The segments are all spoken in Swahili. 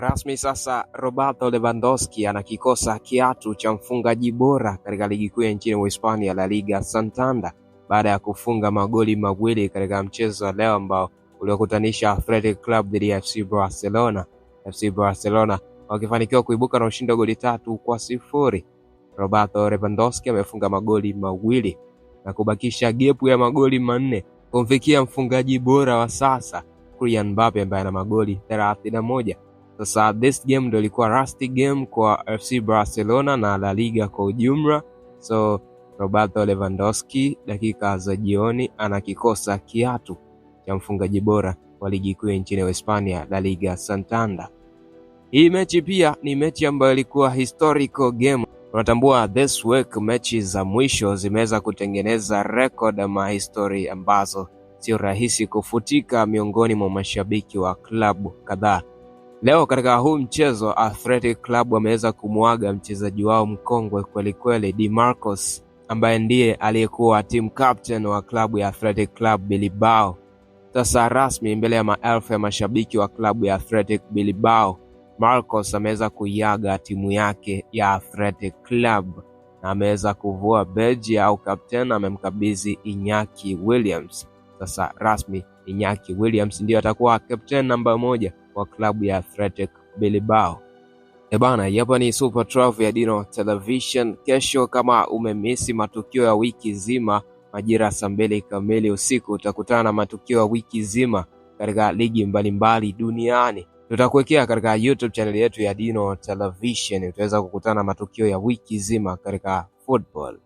rasmi sasa Roberto Lewandowski anakikosa kiatu cha mfungaji bora katika ligi kuu ya nchini Uhispania La Liga Santander baada ya kufunga magoli mawili katika mchezo wa leo ambao uliokutanisha Athletic Club dhidi ya FC Barcelona, FC Barcelona wakifanikiwa kuibuka na ushindi wa goli tatu kwa sifuri. Roberto Lewandowski amefunga magoli mawili na kubakisha gepu ya magoli manne kumfikia mfungaji bora wa sasa Kylian Mbappe ambaye ana magoli thelathini na moja. Sasa this game ndo ilikuwa rusty game kwa FC Barcelona na La Liga kwa ujumla. So Roberto Lewandowski dakika za jioni anakikosa kiatu cha mfungaji bora wa ligi kuu nchini Hispania, La Liga Santander. Hii mechi pia ni mechi ambayo ilikuwa historical game. Unatambua this week mechi za mwisho zimeweza kutengeneza record ama history ambazo sio rahisi kufutika miongoni mwa mashabiki wa klabu kadhaa Leo katika huu mchezo Athletic Club wameweza kumwaga mchezaji wao mkongwe kwelikweli marcos ambaye ndiye aliyekuwa team captain wa klabu ya Athletic Club Bilbao, sasa rasmi mbele ya maelfu ya mashabiki wa klabu ya Athletic Bilbao. Marcos ameweza kuiaga timu yake ya Athletic Club na ameweza kuvua beji au captain, amemkabidhi Inyaki Williams. Sasa rasmi Inyaki Williams ndiyo atakuwa captain namba moja wa klabu ya Athletic Bilbao. Ebana, hapa ni Super Trove ya Dino Television. Kesho, kama umemisi matukio ya wiki nzima, majira ya saa mbili kamili usiku utakutana na matukio ya wiki nzima katika ligi mbalimbali duniani. Tutakuwekea katika YouTube channel yetu ya Dino Television, utaweza kukutana na matukio ya wiki nzima katika football.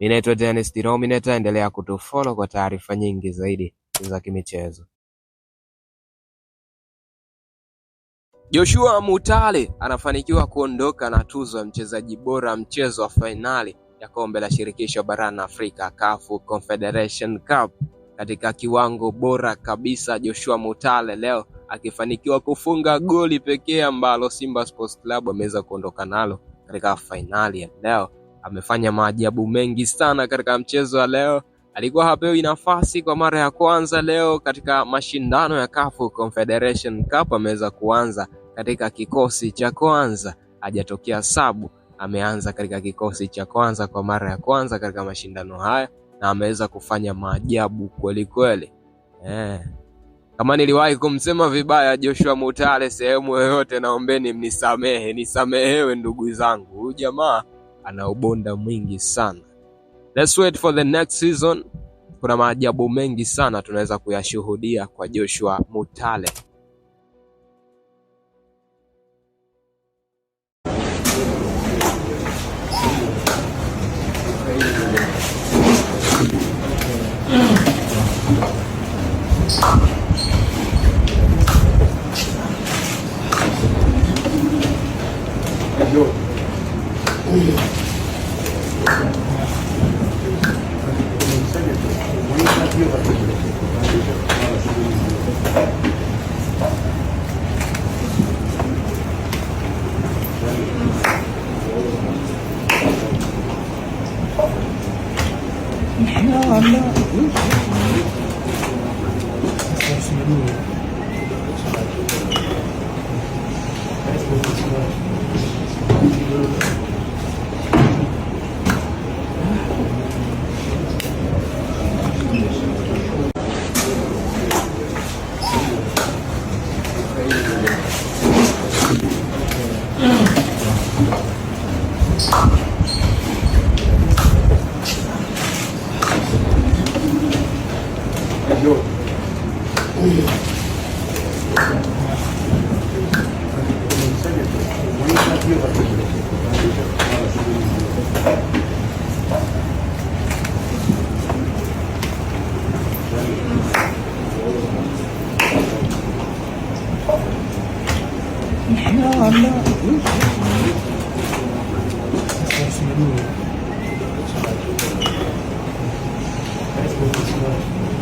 Mimi naitwa Dennis Dinominator, endelea kutufollow kwa taarifa nyingi zaidi za kimichezo. Joshua Mutale anafanikiwa kuondoka na tuzo ya mchezaji bora mchezo wa fainali ya kombe la shirikisho barani Afrika CAF Confederation Cup. Katika kiwango bora kabisa, Joshua Mutale leo akifanikiwa kufunga goli pekee ambalo Simba Sports Club ameweza kuondoka nalo katika fainali ya leo. Amefanya maajabu mengi sana katika mchezo wa leo. Alikuwa hapewi nafasi kwa mara ya kwanza leo katika mashindano ya CAF Confederation Cup, ameweza kuanza katika kikosi cha kwanza, hajatokea sabu. Ameanza katika kikosi cha kwanza kwa mara ya kwanza katika mashindano haya na ameweza kufanya maajabu kweli kweli. Eh, kama niliwahi kumsema vibaya Joshua Mutale sehemu yoyote, naombeni mnisamehe, nisamehewe ndugu zangu. Huyu jamaa ana ubonda mwingi sana. Let's wait for the next season. Kuna maajabu mengi sana tunaweza kuyashuhudia kwa Joshua Mutale. 야, 안 나. 요. Thank you.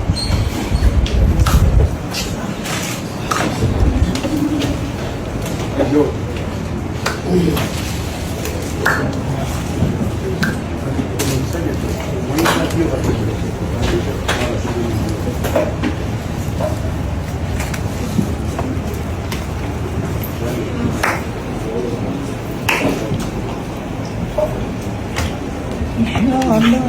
Mm-hmm.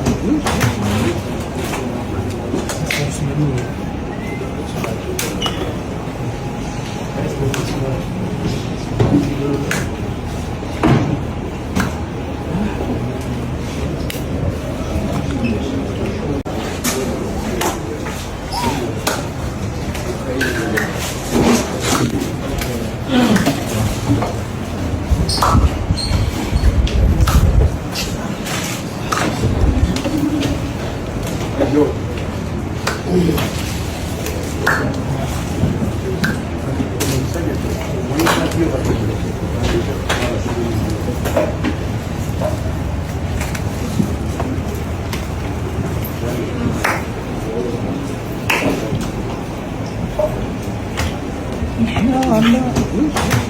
你看完了。